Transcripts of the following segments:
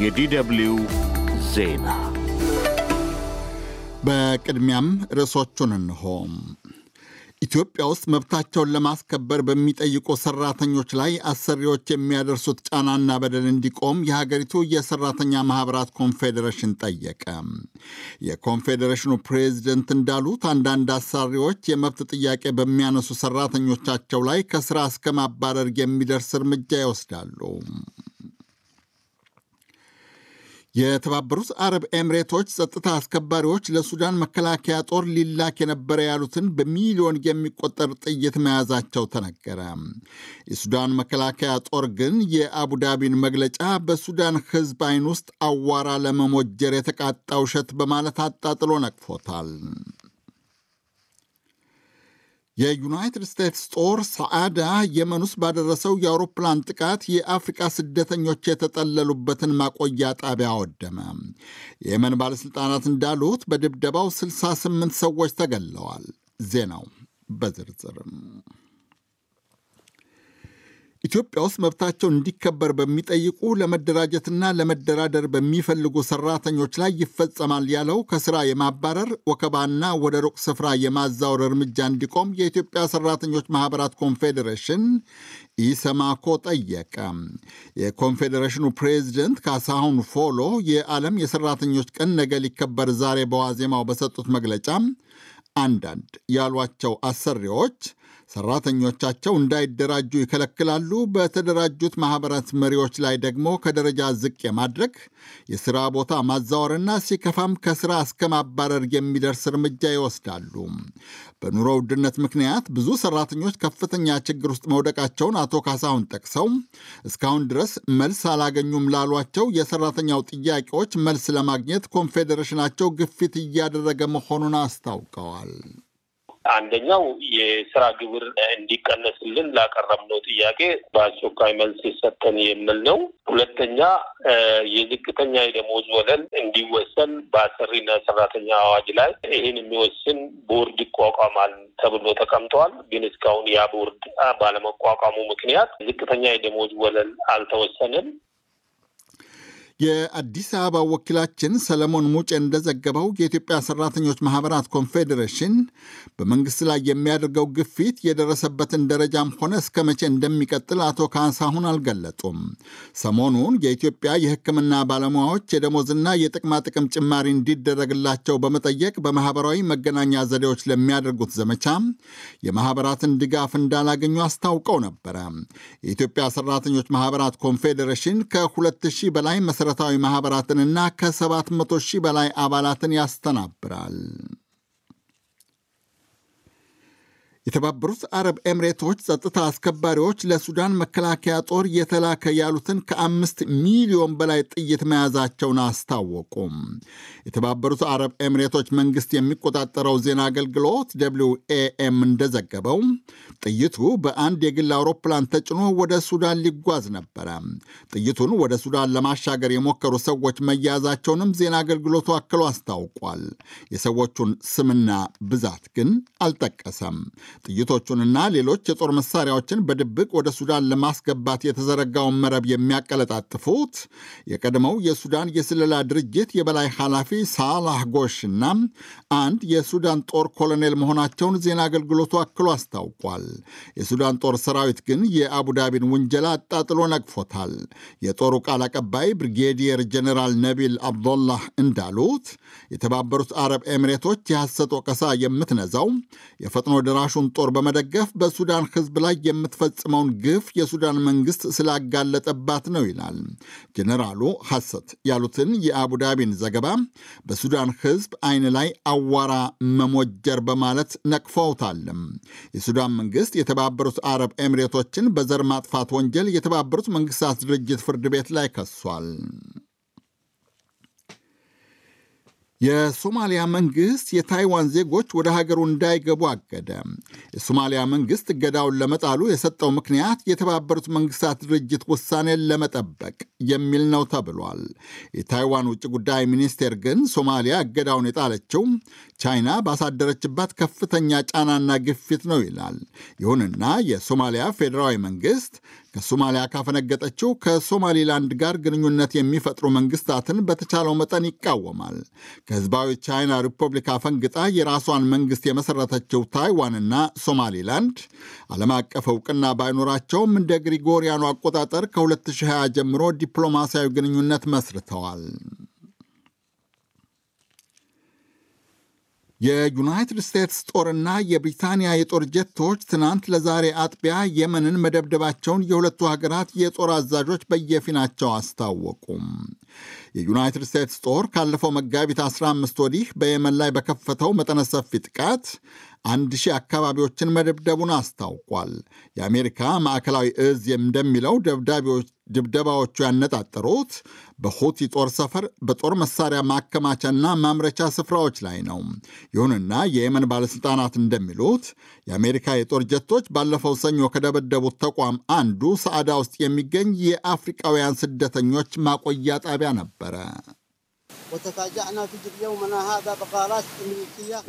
የዲደብልዩ ዜና በቅድሚያም ርዕሶቹን እንሆ። ኢትዮጵያ ውስጥ መብታቸውን ለማስከበር በሚጠይቁ ሰራተኞች ላይ አሰሪዎች የሚያደርሱት ጫናና በደል እንዲቆም የሀገሪቱ የሰራተኛ ማኅበራት ኮንፌዴሬሽን ጠየቀ። የኮንፌዴሬሽኑ ፕሬዚደንት እንዳሉት አንዳንድ አሰሪዎች የመብት ጥያቄ በሚያነሱ ሰራተኞቻቸው ላይ ከሥራ እስከ ማባረር የሚደርስ እርምጃ ይወስዳሉ። የተባበሩት አረብ ኤምሬቶች ጸጥታ አስከባሪዎች ለሱዳን መከላከያ ጦር ሊላክ የነበረ ያሉትን በሚሊዮን የሚቆጠር ጥይት መያዛቸው ተነገረ። የሱዳን መከላከያ ጦር ግን የአቡዳቢን መግለጫ በሱዳን ሕዝብ ዓይን ውስጥ አዋራ ለመሞጀር የተቃጣ ውሸት በማለት አጣጥሎ ነቅፎታል። የዩናይትድ ስቴትስ ጦር ሰዓዳ የመን ውስጥ ባደረሰው የአውሮፕላን ጥቃት የአፍሪቃ ስደተኞች የተጠለሉበትን ማቆያ ጣቢያ አወደመ። የየመን ባለሥልጣናት እንዳሉት በድብደባው 68 ሰዎች ተገለዋል። ዜናው በዝርዝርም ኢትዮጵያ ውስጥ መብታቸው እንዲከበር በሚጠይቁ ለመደራጀትና ለመደራደር በሚፈልጉ ሰራተኞች ላይ ይፈጸማል ያለው ከስራ የማባረር ወከባና ወደ ሩቅ ስፍራ የማዛወር እርምጃ እንዲቆም የኢትዮጵያ ሰራተኞች ማህበራት ኮንፌዴሬሽን ኢሰማኮ ጠየቀ። የኮንፌዴሬሽኑ ፕሬዚደንት ካሳሁን ፎሎ የዓለም የሰራተኞች ቀን ነገ ሊከበር ዛሬ በዋዜማው በሰጡት መግለጫ አንዳንድ ያሏቸው አሰሪዎች ሰራተኞቻቸው እንዳይደራጁ ይከለክላሉ። በተደራጁት ማኅበራት መሪዎች ላይ ደግሞ ከደረጃ ዝቅ የማድረግ የሥራ ቦታ ማዛወርና ሲከፋም ከሥራ እስከ ማባረር የሚደርስ እርምጃ ይወስዳሉ። በኑሮ ውድነት ምክንያት ብዙ ሰራተኞች ከፍተኛ ችግር ውስጥ መውደቃቸውን አቶ ካሳሁን ጠቅሰው እስካሁን ድረስ መልስ አላገኙም ላሏቸው የሰራተኛው ጥያቄዎች መልስ ለማግኘት ኮንፌዴሬሽናቸው ግፊት እያደረገ መሆኑን አስታውቀዋል። አንደኛው የስራ ግብር እንዲቀነስልን ላቀረብነው ጥያቄ በአስቸኳይ መልስ ይሰጠን የሚል ነው። ሁለተኛ የዝቅተኛ የደሞዝ ወለል እንዲወሰን በአሰሪና ሰራተኛ አዋጅ ላይ ይህን የሚወስን ቦርድ ይቋቋማል ተብሎ ተቀምጠዋል። ግን እስካሁን ያ ቦርድ ባለመቋቋሙ ምክንያት ዝቅተኛ የደሞዝ ወለል አልተወሰንም። የአዲስ አበባ ወኪላችን ሰለሞን ሙጬ እንደዘገበው የኢትዮጵያ ሰራተኞች ማህበራት ኮንፌዴሬሽን በመንግስት ላይ የሚያደርገው ግፊት የደረሰበትን ደረጃም ሆነ እስከ መቼ እንደሚቀጥል አቶ ካሳሁን አልገለጡም። ሰሞኑን የኢትዮጵያ የሕክምና ባለሙያዎች የደሞዝና የጥቅማጥቅም ጭማሪ እንዲደረግላቸው በመጠየቅ በማህበራዊ መገናኛ ዘዴዎች ለሚያደርጉት ዘመቻ የማህበራትን ድጋፍ እንዳላገኙ አስታውቀው ነበረ። የኢትዮጵያ ሰራተኞች ማህበራት ኮንፌዴሬሽን ከ2000 በላይ መሰረ መሠረታዊ ማኅበራትንና ከ700 ሺህ በላይ አባላትን ያስተናብራል። የተባበሩት አረብ ኤምሬቶች ጸጥታ አስከባሪዎች ለሱዳን መከላከያ ጦር የተላከ ያሉትን ከአምስት ሚሊዮን በላይ ጥይት መያዛቸውን አስታወቁም። የተባበሩት አረብ ኤምሬቶች መንግስት የሚቆጣጠረው ዜና አገልግሎት ደብልዩ ኤኤም እንደዘገበው ጥይቱ በአንድ የግል አውሮፕላን ተጭኖ ወደ ሱዳን ሊጓዝ ነበረ። ጥይቱን ወደ ሱዳን ለማሻገር የሞከሩ ሰዎች መያዛቸውንም ዜና አገልግሎቱ አክሎ አስታውቋል። የሰዎቹን ስምና ብዛት ግን አልጠቀሰም። ጥይቶቹንና ሌሎች የጦር መሳሪያዎችን በድብቅ ወደ ሱዳን ለማስገባት የተዘረጋውን መረብ የሚያቀለጣጥፉት የቀድሞው የሱዳን የስለላ ድርጅት የበላይ ኃላፊ ሳላህ ጎሽ እና አንድ የሱዳን ጦር ኮሎኔል መሆናቸውን ዜና አገልግሎቱ አክሎ አስታውቋል። የሱዳን ጦር ሰራዊት ግን የአቡዳቢን ውንጀላ አጣጥሎ ነቅፎታል። የጦሩ ቃል አቀባይ ብሪጌዲየር ጀኔራል ነቢል አብዶላህ እንዳሉት የተባበሩት አረብ ኤሚሬቶች የሐሰት ወቀሳ የምትነዛው የፈጥኖ ደራሹ የራሱን ጦር በመደገፍ በሱዳን ህዝብ ላይ የምትፈጽመውን ግፍ የሱዳን መንግስት ስላጋለጠባት ነው ይላል ጀኔራሉ። ሐሰት ያሉትን የአቡዳቢን ዘገባ በሱዳን ህዝብ አይን ላይ አዋራ መሞጀር በማለት ነቅፈውታል። የሱዳን መንግስት የተባበሩት አረብ ኤሚሬቶችን በዘር ማጥፋት ወንጀል የተባበሩት መንግስታት ድርጅት ፍርድ ቤት ላይ ከሷል። የሶማሊያ መንግስት የታይዋን ዜጎች ወደ ሀገሩ እንዳይገቡ አገደ። የሶማሊያ መንግስት እገዳውን ለመጣሉ የሰጠው ምክንያት የተባበሩት መንግስታት ድርጅት ውሳኔን ለመጠበቅ የሚል ነው ተብሏል። የታይዋን ውጭ ጉዳይ ሚኒስቴር ግን ሶማሊያ እገዳውን የጣለችው ቻይና ባሳደረችባት ከፍተኛ ጫናና ግፊት ነው ይላል። ይሁንና የሶማሊያ ፌዴራዊ መንግስት ከሶማሊያ ካፈነገጠችው ከሶማሊላንድ ጋር ግንኙነት የሚፈጥሩ መንግስታትን በተቻለው መጠን ይቃወማል። ከህዝባዊ ቻይና ሪፐብሊክ አፈንግጣ የራሷን መንግስት የመሰረተችው ታይዋንና ሶማሊላንድ ዓለም አቀፍ እውቅና ባይኖራቸውም እንደ ግሪጎሪያኑ አቆጣጠር ከ2020 ጀምሮ ዲፕሎማሲያዊ ግንኙነት መስርተዋል። የዩናይትድ ስቴትስ ጦርና የብሪታንያ የጦር ጀቶች ትናንት ለዛሬ አጥቢያ የመንን መደብደባቸውን የሁለቱ ሀገራት የጦር አዛዦች በየፊናቸው አስታወቁም። የዩናይትድ ስቴትስ ጦር ካለፈው መጋቢት 15 ወዲህ በየመን ላይ በከፈተው መጠነ ሰፊ ጥቃት አንድ ሺህ አካባቢዎችን መደብደቡን አስታውቋል። የአሜሪካ ማዕከላዊ እዝ እንደሚለው ደብዳቤዎች ድብደባዎቹ ያነጣጠሩት በሁቲ ጦር ሰፈር በጦር መሳሪያ ማከማቻና ማምረቻ ስፍራዎች ላይ ነው። ይሁንና የየመን ባለሥልጣናት እንደሚሉት የአሜሪካ የጦር ጀቶች ባለፈው ሰኞ ከደበደቡት ተቋም አንዱ ሰዓዳ ውስጥ የሚገኝ የአፍሪቃውያን ስደተኞች ማቆያ ጣቢያ ነበረ።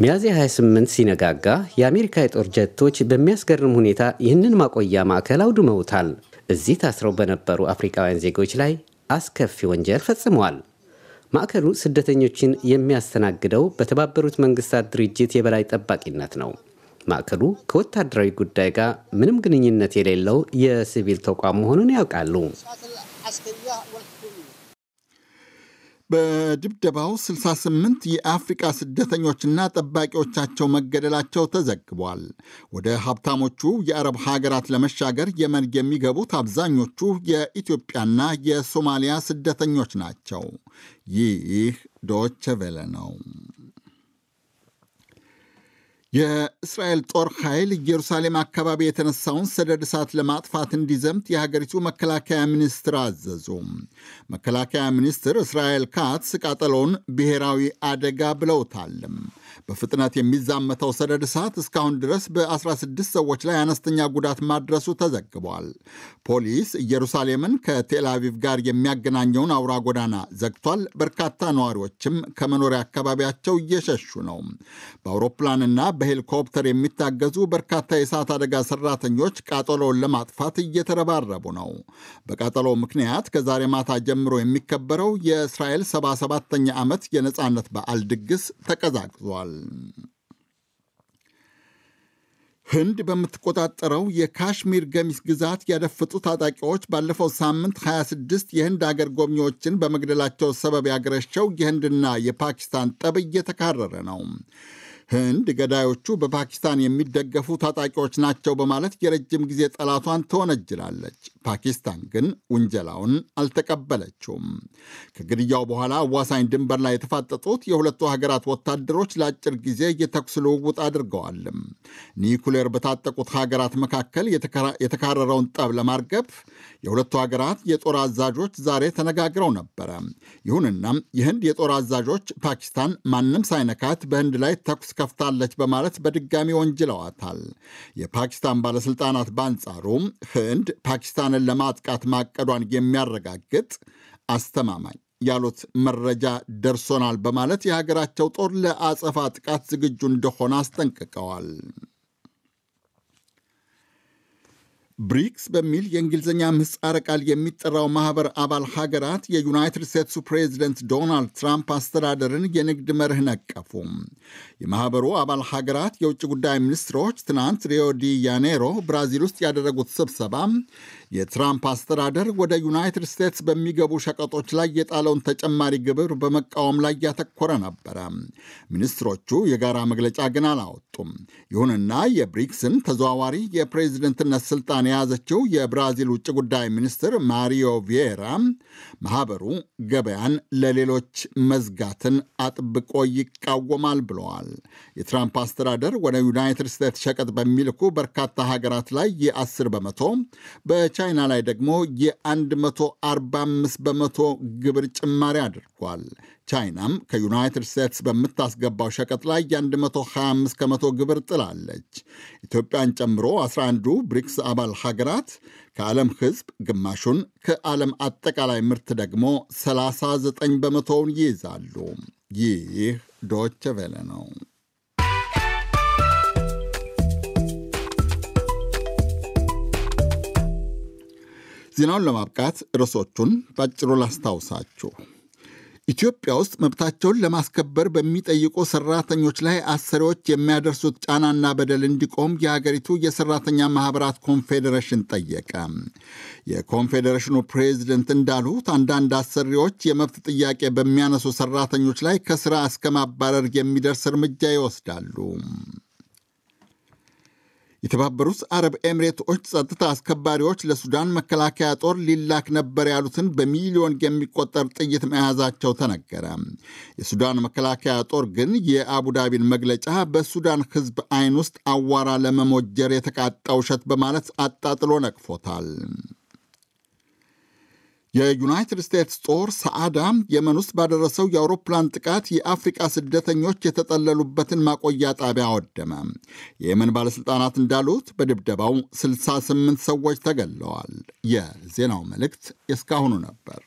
ሚያዝያ 28 ሲነጋጋ የአሜሪካ የጦር ጀቶች በሚያስገርም ሁኔታ ይህንን ማቆያ ማዕከል አውድመውታል። እዚህ ታስረው በነበሩ አፍሪካውያን ዜጎች ላይ አስከፊ ወንጀል ፈጽመዋል። ማዕከሉ ስደተኞችን የሚያስተናግደው በተባበሩት መንግስታት ድርጅት የበላይ ጠባቂነት ነው። ማዕከሉ ከወታደራዊ ጉዳይ ጋር ምንም ግንኙነት የሌለው የሲቪል ተቋም መሆኑን ያውቃሉ። በድብደባው 68 የአፍሪቃ ስደተኞችና ጠባቂዎቻቸው መገደላቸው ተዘግቧል። ወደ ሀብታሞቹ የአረብ ሀገራት ለመሻገር የመን የሚገቡት አብዛኞቹ የኢትዮጵያና የሶማሊያ ስደተኞች ናቸው። ይህ ዶቸ ቬለ ነው። የእስራኤል ጦር ኃይል ኢየሩሳሌም አካባቢ የተነሳውን ሰደድ እሳት ለማጥፋት እንዲዘምት የሀገሪቱ መከላከያ ሚኒስትር አዘዙ። መከላከያ ሚኒስትር እስራኤል ካትስ ቃጠሎውን ብሔራዊ አደጋ ብለውታል። በፍጥነት የሚዛመተው ሰደድ እሳት እስካሁን ድረስ በ16 ሰዎች ላይ አነስተኛ ጉዳት ማድረሱ ተዘግቧል። ፖሊስ ኢየሩሳሌምን ከቴልአቪቭ ጋር የሚያገናኘውን አውራ ጎዳና ዘግቷል። በርካታ ነዋሪዎችም ከመኖሪያ አካባቢያቸው እየሸሹ ነው። በአውሮፕላንና በሄሊኮፕተር የሚታገዙ በርካታ የእሳት አደጋ ሰራተኞች ቃጠሎውን ለማጥፋት እየተረባረቡ ነው። በቃጠሎው ምክንያት ከዛሬ ማታ ጀምሮ የሚከበረው የእስራኤል 77ኛ ዓመት የነፃነት በዓል ድግስ ተቀዛቅዟል። ህንድ በምትቆጣጠረው የካሽሚር ገሚስ ግዛት ያደፈጡ ታጣቂዎች ባለፈው ሳምንት 26 የህንድ አገር ጎብኚዎችን በመግደላቸው ሰበብ ያገረሸው የህንድና የፓኪስታን ጠብ እየተካረረ ነው። ህንድ ገዳዮቹ በፓኪስታን የሚደገፉ ታጣቂዎች ናቸው በማለት የረጅም ጊዜ ጠላቷን ትወነጅላለች። ፓኪስታን ግን ውንጀላውን አልተቀበለችውም። ከግድያው በኋላ አዋሳኝ ድንበር ላይ የተፋጠጡት የሁለቱ ሀገራት ወታደሮች ለአጭር ጊዜ የተኩስ ልውውጥ አድርገዋል። ኒኩሌር በታጠቁት ሀገራት መካከል የተካረረውን ጠብ ለማርገብ የሁለቱ ሀገራት የጦር አዛዦች ዛሬ ተነጋግረው ነበረ። ይሁንና የህንድ የጦር አዛዦች ፓኪስታን ማንም ሳይነካት በህንድ ላይ ተኩስ ከፍታለች በማለት በድጋሚ ወንጅለዋታል። የፓኪስታን ባለሥልጣናት በአንጻሩ ህንድ ፓኪስታንን ለማጥቃት ማቀዷን የሚያረጋግጥ አስተማማኝ ያሉት መረጃ ደርሶናል በማለት የሀገራቸው ጦር ለአጸፋ ጥቃት ዝግጁ እንደሆነ አስጠንቅቀዋል። ብሪክስ በሚል የእንግሊዝኛ ምህጻረ ቃል የሚጠራው ማህበር አባል ሀገራት የዩናይትድ ስቴትሱ ፕሬዚደንት ዶናልድ ትራምፕ አስተዳደርን የንግድ መርህ ነቀፉ። የማህበሩ አባል ሀገራት የውጭ ጉዳይ ሚኒስትሮች ትናንት ሪዮ ዲ ያኔሮ ብራዚል ውስጥ ያደረጉት ስብሰባ የትራምፕ አስተዳደር ወደ ዩናይትድ ስቴትስ በሚገቡ ሸቀጦች ላይ የጣለውን ተጨማሪ ግብር በመቃወም ላይ ያተኮረ ነበረ። ሚኒስትሮቹ የጋራ መግለጫ ግን አላወጡም። ይሁንና የብሪክስን ተዘዋዋሪ የፕሬዚደንትነት ስልጣን ስልጣን የያዘችው የብራዚል ውጭ ጉዳይ ሚኒስትር ማሪዮ ቪዬራ ማህበሩ ገበያን ለሌሎች መዝጋትን አጥብቆ ይቃወማል ብለዋል። የትራምፕ አስተዳደር ወደ ዩናይትድ ስቴትስ ሸቀጥ በሚልኩ በርካታ ሀገራት ላይ የ10 በመቶ በቻይና ላይ ደግሞ የ145 በመቶ ግብር ጭማሪ አድርጓል። ቻይናም ከዩናይትድ ስቴትስ በምታስገባው ሸቀጥ ላይ የ125 ከመቶ ግብር ጥላለች። ኢትዮጵያን ጨምሮ 11ዱ ብሪክስ አባል ሀገራት ከዓለም ሕዝብ ግማሹን ከዓለም አጠቃላይ ምርት ደግሞ 39 በመቶውን ይይዛሉ። ይህ ዶች ቬለ ነው። ዜናውን ለማብቃት ርዕሶቹን ባጭሩ ላስታውሳችሁ። ኢትዮጵያ ውስጥ መብታቸውን ለማስከበር በሚጠይቁ ሰራተኞች ላይ አሰሪዎች የሚያደርሱት ጫናና በደል እንዲቆም የሀገሪቱ የሰራተኛ ማህበራት ኮንፌዴሬሽን ጠየቀ። የኮንፌዴሬሽኑ ፕሬዚደንት እንዳሉት አንዳንድ አሰሪዎች የመብት ጥያቄ በሚያነሱ ሰራተኞች ላይ ከስራ እስከ ማባረር የሚደርስ እርምጃ ይወስዳሉ። የተባበሩት አረብ ኤምሬቶች ጸጥታ አስከባሪዎች ለሱዳን መከላከያ ጦር ሊላክ ነበር ያሉትን በሚሊዮን የሚቆጠር ጥይት መያዛቸው ተነገረ። የሱዳን መከላከያ ጦር ግን የአቡዳቢን መግለጫ በሱዳን ሕዝብ አይን ውስጥ አዋራ ለመሞጀር የተቃጣ ውሸት በማለት አጣጥሎ ነቅፎታል። የዩናይትድ ስቴትስ ጦር ሰዓዳ የመን ውስጥ ባደረሰው የአውሮፕላን ጥቃት የአፍሪቃ ስደተኞች የተጠለሉበትን ማቆያ ጣቢያ አወደመ። የየመን ባለሥልጣናት እንዳሉት በድብደባው 68 ሰዎች ተገለዋል። የዜናው መልእክት የእስካሁኑ ነበር።